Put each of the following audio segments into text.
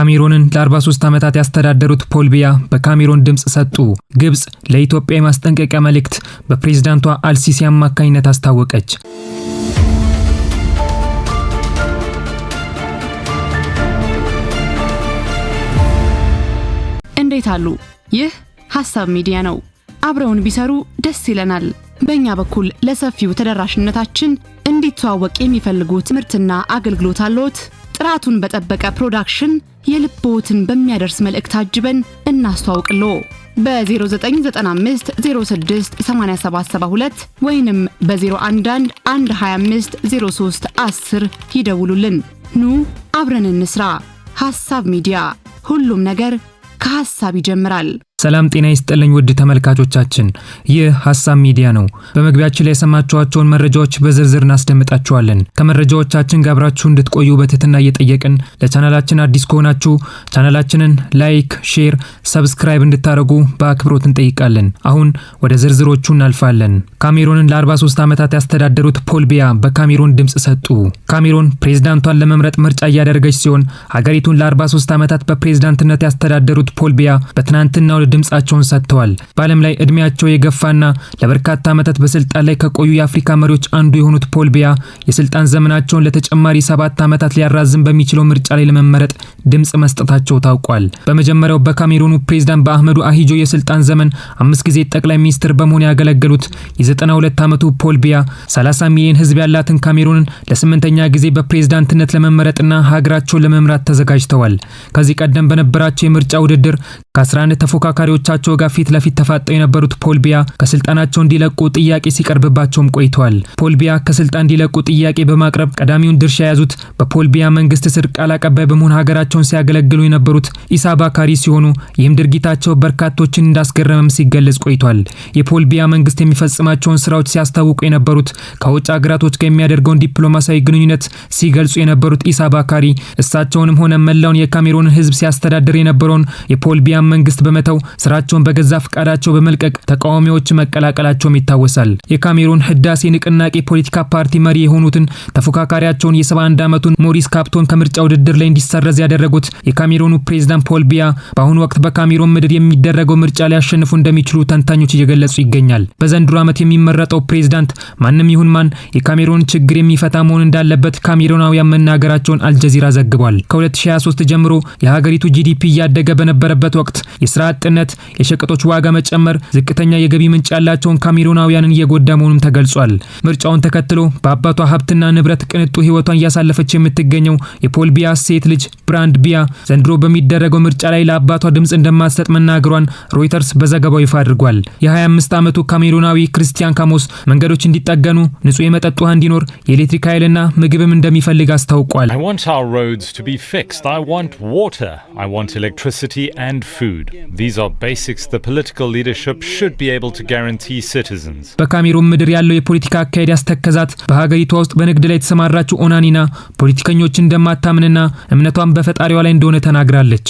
ካሜሮንን ለ43 ዓመታት ያስተዳደሩት ፖል ቢያ ድምፅ ሰጡ። ግብፅ ለኢትዮጵያ የማስጠንቀቂያ መልእክት በፕሬዝዳንቷ አልሲሲ አማካኝነት አስታወቀች። እንዴት አሉ? ይህ ሀሳብ ሚዲያ ነው። አብረውን ቢሰሩ ደስ ይለናል። በእኛ በኩል ለሰፊው ተደራሽነታችን እንዲተዋወቅ የሚፈልጉት ምርትና አገልግሎት አለዎት? ጥራቱን በጠበቀ ፕሮዳክሽን የልቦትን በሚያደርስ መልእክት አጅበን እናስተዋውቅሎ በ0995 06 8772 ወይንም በ011 125 03 10 ይደውሉልን። ኑ አብረን እንስራ። ሐሳብ ሚዲያ፣ ሁሉም ነገር ከሐሳብ ይጀምራል። ሰላም ጤና ይስጥልኝ ውድ ተመልካቾቻችን፣ ይህ ሀሳብ ሚዲያ ነው። በመግቢያችን ላይ የሰማችኋቸውን መረጃዎች በዝርዝር እናስደምጣችኋለን። ከመረጃዎቻችን ጋር አብራችሁ እንድትቆዩ በትህትና እየጠየቅን ለቻናላችን አዲስ ከሆናችሁ ቻናላችንን ላይክ፣ ሼር፣ ሰብስክራይብ እንድታደርጉ በአክብሮት እንጠይቃለን። አሁን ወደ ዝርዝሮቹ እናልፋለን። ካሜሩንን ለ43 ዓመታት ያስተዳደሩት ፖል ቢያ በካሜሩን ድምፅ ሰጡ። ካሜሩን ፕሬዝዳንቷን ለመምረጥ ምርጫ እያደረገች ሲሆን ሀገሪቱን ለ43 ዓመታት በፕሬዝዳንትነት ያስተዳደሩት ፖል ቢያ በትናንትናው ድምፃቸውን ሰጥተዋል። በዓለም ላይ እድሜያቸው የገፋና ለበርካታ ዓመታት በስልጣን ላይ ከቆዩ የአፍሪካ መሪዎች አንዱ የሆኑት ፖል ቢያ የስልጣን ዘመናቸውን ለተጨማሪ ሰባት ዓመታት ሊያራዝም በሚችለው ምርጫ ላይ ለመመረጥ ድምፅ መስጠታቸው ታውቋል። በመጀመሪያው በካሜሩኑ ፕሬዝዳንት በአህመዱ አሂጆ የስልጣን ዘመን አምስት ጊዜ ጠቅላይ ሚኒስትር በመሆን ያገለገሉት የ92 ዓመቱ ፖል ቢያ 30 ሚሊዮን ህዝብ ያላትን ካሜሩንን ለስምንተኛ ጊዜ በፕሬዝዳንትነት ለመመረጥና ሀገራቸውን ለመምራት ተዘጋጅተዋል። ከዚህ ቀደም በነበራቸው የምርጫ ውድድር ከ11 ተፎካካሪ ከተፎካካሪዎቻቸው ጋር ፊት ለፊት ተፋጠው የነበሩት ፖል ቢያ ከስልጣናቸው እንዲለቁ ጥያቄ ሲቀርብባቸውም ቆይተዋል። ፖል ቢያ ከስልጣን እንዲለቁ ጥያቄ በማቅረብ ቀዳሚውን ድርሻ የያዙት በፖል ቢያ መንግስት ስር ቃል አቀባይ በመሆን ሀገራቸውን ሲያገለግሉ የነበሩት ኢሳ ባካሪ ሲሆኑ ይህም ድርጊታቸው በርካቶችን እንዳስገረመም ሲገለጽ ቆይቷል። የፖል ቢያ መንግስት የሚፈጽማቸውን ስራዎች ሲያስታውቁ የነበሩት ከውጭ ሀገራቶች ጋር የሚያደርገውን ዲፕሎማሲያዊ ግንኙነት ሲገልጹ የነበሩት ኢሳ ባካሪ እሳቸውንም ሆነ መላውን የካሜሮንን ህዝብ ሲያስተዳድር የነበረውን የፖል መንግስት በመተው ስራቸውን በገዛ ፈቃዳቸው በመልቀቅ ተቃዋሚዎች መቀላቀላቸውም ይታወሳል። የካሜሩን ህዳሴ ንቅናቄ ፖለቲካ ፓርቲ መሪ የሆኑትን ተፎካካሪያቸውን የ71 ዓመቱን ሞሪስ ካፕቶን ከምርጫ ውድድር ላይ እንዲሰረዝ ያደረጉት የካሜሩኑ ፕሬዝዳንት ፖል ቢያ በአሁኑ ወቅት በካሜሩን ምድር የሚደረገው ምርጫ ሊያሸንፉ እንደሚችሉ ተንታኞች እየገለጹ ይገኛል። በዘንድሮ ዓመት የሚመረጠው ፕሬዝዳንት ማንም ይሁን ማን የካሜሩን ችግር የሚፈታ መሆን እንዳለበት ካሜሩናውያን መናገራቸውን አልጀዚራ ዘግቧል። ከ2023 ጀምሮ የሀገሪቱ ጂዲፒ እያደገ በነበረበት ወቅት የስራ አጥነት ተጠቃሚነት የሸቀጦች ዋጋ መጨመር ዝቅተኛ የገቢ ምንጭ ያላቸውን ካሜሩናውያንን እየጎዳ መሆኑም ተገልጿል። ምርጫውን ተከትሎ በአባቷ ሀብትና ንብረት ቅንጡ ህይወቷን እያሳለፈች የምትገኘው የፖል ቢያ ሴት ልጅ ብራንድ ቢያ ዘንድሮ በሚደረገው ምርጫ ላይ ለአባቷ ድምፅ እንደማትሰጥ መናገሯን ሮይተርስ በዘገባው ይፋ አድርጓል። የ25 ዓመቱ ካሜሩናዊ ክርስቲያን ካሞስ መንገዶች እንዲጠገኑ፣ ንጹህ የመጠጥ ውሃ እንዲኖር፣ የኤሌክትሪክ ኃይልና ምግብም እንደሚፈልግ አስታውቋል። I want water, I want electricity and food. These are about basics the political leadership should be able to guarantee citizens በካሜሩን ምድር ያለው የፖለቲካ አካሄድ ያስተከዛት በሀገሪቷ ውስጥ በንግድ ላይ የተሰማራችው ኦናኒና ፖለቲከኞች እንደማታምንና እምነቷን በፈጣሪዋ ላይ እንደሆነ ተናግራለች።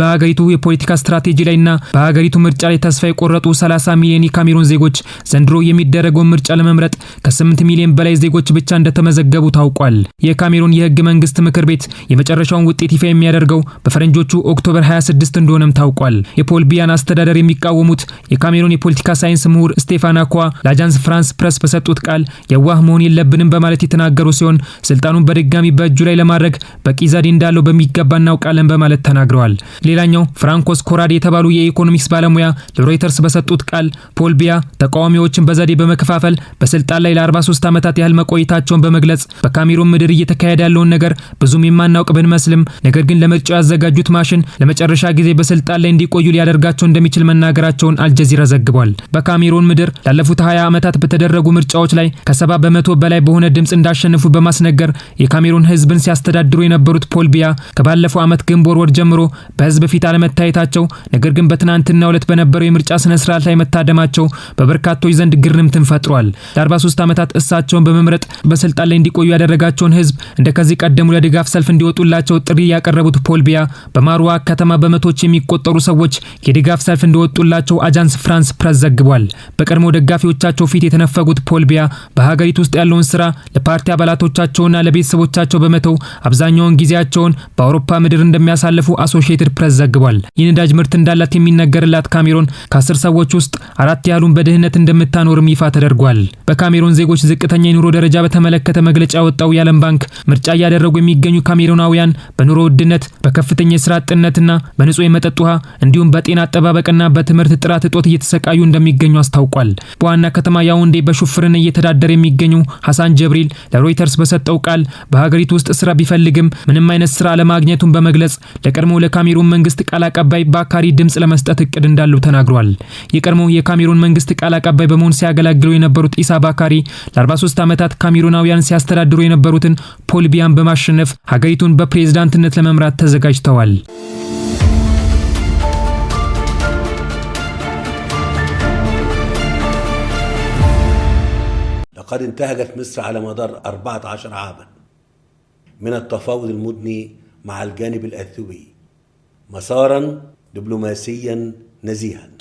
በሀገሪቱ የፖለቲካ ስትራቴጂ ላይና በሀገሪቱ ምርጫ ላይ ተስፋ የቆረጡ 30 ሚሊዮን የካሜሩን ዜጎች ዘንድሮ የሚደረገውን ምርጫ ለመምረጥ ከ8 ሚሊዮን በላይ ዜጎች ብቻ እንደተመዘገቡ ታውቋል። የካሜሩን የህግ መንግስት ምክር ቤት የመጨረሻውን የምርመራውን ውጤት ይፋ የሚያደርገው በፈረንጆቹ ኦክቶበር 26 እንደሆነም ታውቋል። የፖል ቢያን አስተዳደር የሚቃወሙት የካሜሩን የፖለቲካ ሳይንስ ምሁር ስቴፋን አኳ ለአጃንስ ፍራንስ ፕረስ በሰጡት ቃል የዋህ መሆን የለብንም በማለት የተናገሩ ሲሆን ስልጣኑን በድጋሚ በእጁ ላይ ለማድረግ በቂ ዘዴ እንዳለው በሚገባ እናውቃለን በማለት ተናግረዋል። ሌላኛው ፍራንኮስ ኮራድ የተባሉ የኢኮኖሚክስ ባለሙያ ለሮይተርስ በሰጡት ቃል ፖል ቢያ ተቃዋሚዎችን በዘዴ በመከፋፈል በስልጣን ላይ ለ43 ዓመታት ያህል መቆየታቸውን በመግለጽ በካሜሩን ምድር እየተካሄደ ያለውን ነገር ብዙም የማናውቅ ብንመስል አይችልም። ነገር ግን ለምርጫ ያዘጋጁት ማሽን ለመጨረሻ ጊዜ በስልጣን ላይ እንዲቆዩ ሊያደርጋቸው እንደሚችል መናገራቸውን አልጀዚራ ዘግቧል። በካሜሩን ምድር ላለፉት 20 ዓመታት በተደረጉ ምርጫዎች ላይ ከሰባ በመቶ በላይ በሆነ ድምፅ እንዳሸነፉ በማስነገር የካሜሩን ህዝብን ሲያስተዳድሩ የነበሩት ፖል ቢያ ከባለፈው ዓመት ግንቦት ወር ጀምሮ በህዝብ ፊት አለመታየታቸው፣ ነገር ግን በትናንትናው ዕለት በነበረው የምርጫ ስነ ስርዓት ላይ መታደማቸው በበርካቶች ዘንድ ግርምትን ፈጥሯል። ለ43 ዓመታት እሳቸውን በመምረጥ በስልጣን ላይ እንዲቆዩ ያደረጋቸውን ህዝብ እንደከዚህ ቀደሙ ለድጋፍ ሰልፍ እንዲወጡላቸው እንዲደርሰው ጥሪ ያቀረቡት ፖል ቢያ በማሩዋ ከተማ በመቶች የሚቆጠሩ ሰዎች የድጋፍ ሰልፍ እንደወጡላቸው አጃንስ ፍራንስ ፕረስ ዘግቧል። በቀድሞ ደጋፊዎቻቸው ፊት የተነፈጉት ፖል ቢያ በሀገሪቱ ውስጥ ያለውን ስራ ለፓርቲ አባላቶቻቸውና ለቤተሰቦቻቸው በመተው አብዛኛውን ጊዜያቸውን በአውሮፓ ምድር እንደሚያሳልፉ አሶሺየትድ ፕረስ ዘግቧል። የነዳጅ ምርት እንዳላት የሚነገርላት ካሜሮን ከአስር ሰዎች ውስጥ አራት ያህሉን በድህነት እንደምታኖርም ይፋ ተደርጓል። በካሜሮን ዜጎች ዝቅተኛ የኑሮ ደረጃ በተመለከተ መግለጫ ያወጣው የዓለም ባንክ ምርጫ እያደረጉ የሚገኙ ካሜሮናውያን በኑሮ ውድነት፣ በከፍተኛ የስራ አጥነትና በንጹህ የመጠጥ ውሃ እንዲሁም በጤና አጠባበቅና በትምህርት ጥራት እጦት እየተሰቃዩ እንደሚገኙ አስታውቋል። በዋና ከተማ ያውንዴ በሹፍርን እየተዳደረ የሚገኘው ሀሳን ጀብሪል ለሮይተርስ በሰጠው ቃል በሀገሪቱ ውስጥ ስራ ቢፈልግም ምንም አይነት ስራ አለማግኘቱን በመግለጽ ለቀድሞው ለካሜሩን መንግስት ቃል አቀባይ በአካሪ ድምፅ ለመስጠት እቅድ እንዳለው ተናግሯል። የቀድሞው የካሜሩን መንግስት ቃል አቀባይ በመሆን ሲያገለግሉ የነበሩት ኢሳ ባካሪ ለ43 ዓመታት ካሜሩናውያን ሲያስተዳድሩ የነበሩትን ፖል ቢያን በማሸነፍ ሀገሪቱን በፕሬዝ ፕሬዝዳንትነት ለመምራት ተዘጋጅተዋል። لقد انتهجت مصر على مدار 14 عاما من التفاوض المدني مع الجانب الاثيوبي مسارا دبلوماسيا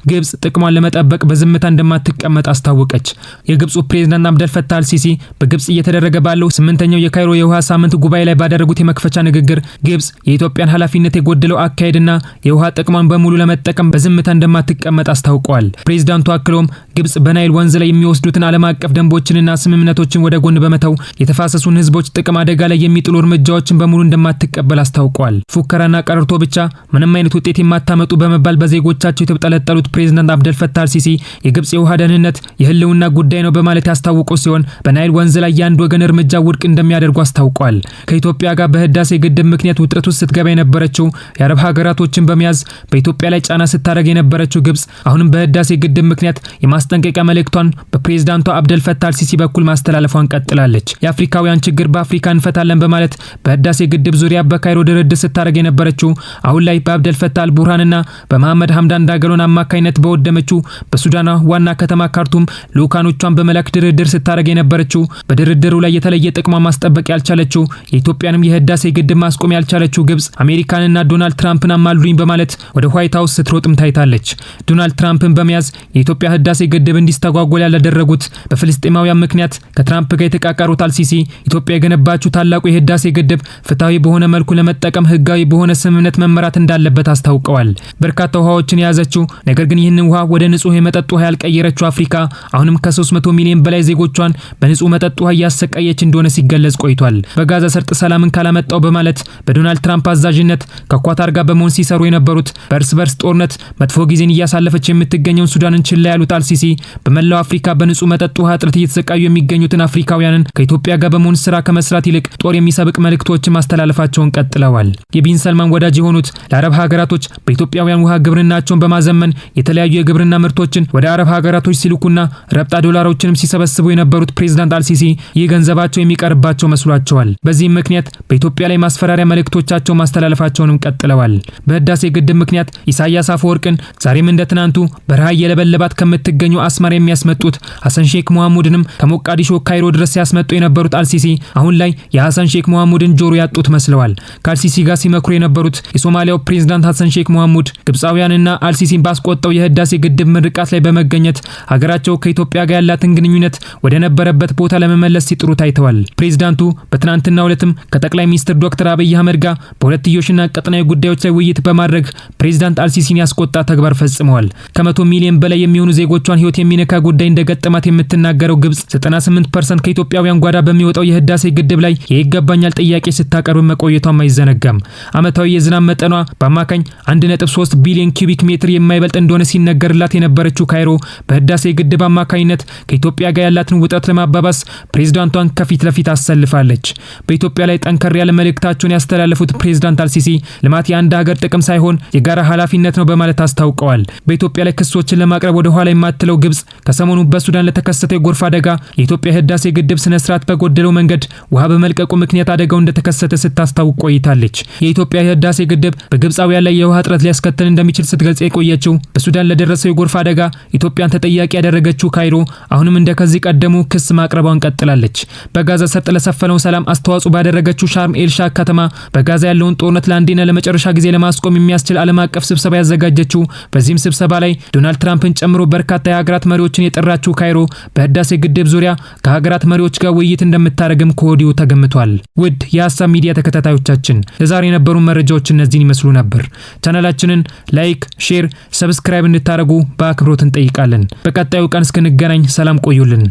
ግብጽ ጥቅሟን ለመጠበቅ በዝምታ እንደማትቀመጥ አስታወቀች። የግብፁ ፕሬዝዳንት አብደል ፈታህ አልሲሲ በግብጽ እየተደረገ ባለው ስምንተኛው የካይሮ የውሃ ሳምንት ጉባኤ ላይ ባደረጉት የመክፈቻ ንግግር ግብጽ የኢትዮጵያን ኃላፊነት የጎደለው አካሄድና የውሃ ጥቅሟን በሙሉ ለመጠቀም በዝምታ እንደማትቀመጥ አስታውቀዋል። ፕሬዝዳንቱ አክለውም ግብጽ በናይል ወንዝ ላይ የሚወስዱትን ዓለም አቀፍ ደንቦችንና ስምምነቶችን ወደ ጎን በመተው የተፋሰሱን ህዝቦች ጥቅም አደጋ ላይ የሚጥሉ እርምጃዎችን በሙሉ እንደማትቀበል አስታውቀዋል። ፉከራና ቀረርቶ ብቻ ምንም አይነት ውጤት የማታመጡ በመባል በዜጎቻቸው ጠለጠሉት ፕሬዝዳንት አብደል ፈታህ አልሲሲ የግብጽ የውሃ ደህንነት የህልውና ጉዳይ ነው በማለት ያስታወቁ ሲሆን በናይል ወንዝ ላይ የአንድ ወገን እርምጃ ውድቅ እንደሚያደርጉ አስታውቋል። ከኢትዮጵያ ጋር በህዳሴ ግድብ ምክንያት ውጥረት ውስጥ ስትገባ የነበረችው የአረብ ሀገራቶችን በመያዝ በኢትዮጵያ ላይ ጫና ስታደርግ የነበረችው ግብጽ አሁንም በህዳሴ ግድብ ምክንያት የማስጠንቀቂያ መልእክቷን በፕሬዝዳንቱ አብደል ፈታህ አልሲሲ በኩል ማስተላለፏን ቀጥላለች። የአፍሪካውያን ችግር በአፍሪካ እንፈታለን በማለት በህዳሴ ግድብ ዙሪያ በካይሮ ድርድር ስታደርግ የነበረችው አሁን ላይ በአብደል ፈታህ አልቡርሃንና በመሐመድ ሀምዳን ዳጋ በሻገሎን አማካኝነት በወደመችው በሱዳኗ ዋና ከተማ ካርቱም ልኡካኖቿን በመላክ ድርድር ስታደርግ የነበረችው በድርድሩ ላይ የተለየ ጥቅሟ ማስጠበቅ ያልቻለችው የኢትዮጵያንም የህዳሴ ግድብ ማስቆም ያልቻለችው ግብጽ አሜሪካንና ዶናልድ ትራምፕን አማሉኝ በማለት ወደ ዋይት ሀውስ ስትሮጥም ታይታለች። ዶናልድ ትራምፕን በመያዝ የኢትዮጵያ ህዳሴ ግድብ እንዲስተጓጎል ያላደረጉት በፍልስጤማውያን ምክንያት ከትራምፕ ጋር የተቃቀሩት አልሲሲ ኢትዮጵያ የገነባችው ታላቁ የህዳሴ ግድብ ፍትሐዊ በሆነ መልኩ ለመጠቀም ህጋዊ በሆነ ስምምነት መመራት እንዳለበት አስታውቀዋል። በርካታ ውሃዎችን የያዘች የነበረችው ነገር ግን ይህንን ውሃ ወደ ንጹህ የመጠጥ ውሃ ያልቀየረችው አፍሪካ አሁንም ከ300 ሚሊዮን በላይ ዜጎቿን በንጹህ መጠጥ ውሃ እያሰቃየች እንደሆነ ሲገለጽ ቆይቷል። በጋዛ ሰርጥ ሰላምን ካላመጣው በማለት በዶናልድ ትራምፕ አዛዥነት ከኳታር ጋር በመሆን ሲሰሩ የነበሩት በእርስ በርስ ጦርነት መጥፎ ጊዜን እያሳለፈች የምትገኘውን ሱዳንን ችላ ያሉት አልሲሲ በመላው አፍሪካ በንጹህ መጠጥ ውሃ እጥረት እየተሰቃዩ የሚገኙትን አፍሪካውያንን ከኢትዮጵያ ጋር በመሆን ስራ ከመስራት ይልቅ ጦር የሚሰብቅ መልእክቶችን ማስተላለፋቸውን ቀጥለዋል። የቢን ሰልማን ወዳጅ የሆኑት ለአረብ ሀገራቶች በኢትዮጵያውያን ውሃ ግብርናቸውን ለማዘመን የተለያዩ የግብርና ምርቶችን ወደ አረብ ሀገራቶች ሲልኩና ረብጣ ዶላሮችንም ሲሰበስቡ የነበሩት ፕሬዝዳንት አልሲሲ ይህ ገንዘባቸው የሚቀርባቸው መስሏቸዋል። በዚህም ምክንያት በኢትዮጵያ ላይ ማስፈራሪያ መልእክቶቻቸው ማስተላለፋቸውንም ቀጥለዋል። በህዳሴ ግድብ ምክንያት ኢሳያስ አፈወርቅን ዛሬም እንደ ትናንቱ በረሃ የለበለባት ከምትገኙ አስመራ የሚያስመጡት ሀሰን ሼክ መሐሙድንም ከሞቃዲሾ ካይሮ ድረስ ሲያስመጡ የነበሩት አልሲሲ አሁን ላይ የሀሰን ሼክ መሐሙድን ጆሮ ያጡት መስለዋል። ከአልሲሲ ጋር ሲመክሩ የነበሩት የሶማሊያው ፕሬዝዳንት ሀሰን ሼክ መሐሙድ ግብፃውያንና አልሲ አልሲሲን ባስቆጠው የህዳሴ ግድብ ምርቃት ላይ በመገኘት ሀገራቸው ከኢትዮጵያ ጋር ያላትን ግንኙነት ወደ ነበረበት ቦታ ለመመለስ ሲጥሩ ታይተዋል። ፕሬዚዳንቱ በትናንትናው ዕለትም ከጠቅላይ ሚኒስትር ዶክተር አብይ አህመድ ጋር በሁለትዮሽና ቀጠናዊ ጉዳዮች ላይ ውይይት በማድረግ ፕሬዚዳንት አልሲሲን ያስቆጣ ተግባር ፈጽመዋል። ከመቶ ሚሊዮን በላይ የሚሆኑ ዜጎቿን ህይወት የሚነካ ጉዳይ እንደገጠማት የምትናገረው ግብጽ 98 ፐርሰንት ከኢትዮጵያውያን ጓዳ በሚወጣው የህዳሴ ግድብ ላይ የይገባኛል ጥያቄ ስታቀርብ መቆየቷም አይዘነጋም። ዓመታዊ የዝናብ መጠኗ በአማካኝ 1.3 ቢሊዮን ኪዩቢክ ሜትር የማይበልጥ እንደሆነ ሲነገርላት የነበረችው ካይሮ በህዳሴ ግድብ አማካኝነት ከኢትዮጵያ ጋር ያላትን ውጥረት ለማባባስ ፕሬዝዳንቷን ከፊት ለፊት አሰልፋለች። በኢትዮጵያ ላይ ጠንከር ያለ መልእክታቸውን ያስተላለፉት ፕሬዝዳንት አልሲሲ ልማት የአንድ ሀገር ጥቅም ሳይሆን የጋራ ኃላፊነት ነው በማለት አስታውቀዋል። በኢትዮጵያ ላይ ክሶችን ለማቅረብ ወደ ኋላ የማትለው ግብጽ ከሰሞኑ በሱዳን ለተከሰተው የጎርፍ አደጋ የኢትዮጵያ ህዳሴ ግድብ ስነ ስርዓት በጎደለው መንገድ ውሃ በመልቀቁ ምክንያት አደጋው እንደተከሰተ ስታስታውቅ ቆይታለች። የኢትዮጵያ የህዳሴ ግድብ በግብፃውያን ላይ የውሃ እጥረት ሊያስከትል እንደሚችል ስትገልጽ የቆየችው በሱዳን ለደረሰው የጎርፍ አደጋ ኢትዮጵያን ተጠያቂ ያደረገችው ካይሮ አሁንም እንደ ከዚህ ቀደሙ ክስ ማቅረቧን ቀጥላለች። በጋዛ ሰርጥ ለሰፈነው ሰላም አስተዋጽኦ ባደረገችው ሻርም ኤልሻ ከተማ በጋዛ ያለውን ጦርነት ለአንዴና ለመጨረሻ ጊዜ ለማስቆም የሚያስችል ዓለም አቀፍ ስብሰባ ያዘጋጀችው። በዚህም ስብሰባ ላይ ዶናልድ ትራምፕን ጨምሮ በርካታ የሀገራት መሪዎችን የጠራችው ካይሮ በህዳሴ ግድብ ዙሪያ ከሀገራት መሪዎች ጋር ውይይት እንደምታደረግም ከወዲሁ ተገምቷል። ውድ የሀሳብ ሚዲያ ተከታታዮቻችን ለዛሬ የነበሩ መረጃዎች እነዚህን ይመስሉ ነበር። ቻናላችንን ላይክ፣ ሼር፣ ሰብስክራይብ እንድታደርጉ በአክብሮት እንጠይቃለን። በቀጣዩ ቀን እስክንገናኝ ሰላም ቆዩልን።